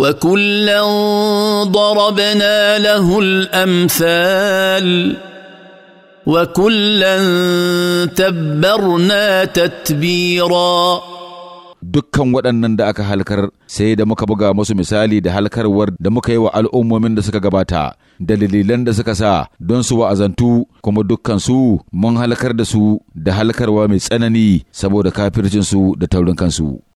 وكلا ضربنا له الامثال وكلا تبرنا تتبيرا dukkan waɗannan da aka halkar sai da muka buga musu misali da halkarwar da muka yi wa al'ummomin da suka gabata da dalilan da suka sa don su wa'azantu kuma dukkan su mun halkar da su da halkarwa mai tsanani saboda kafircinsu da taurin kansu.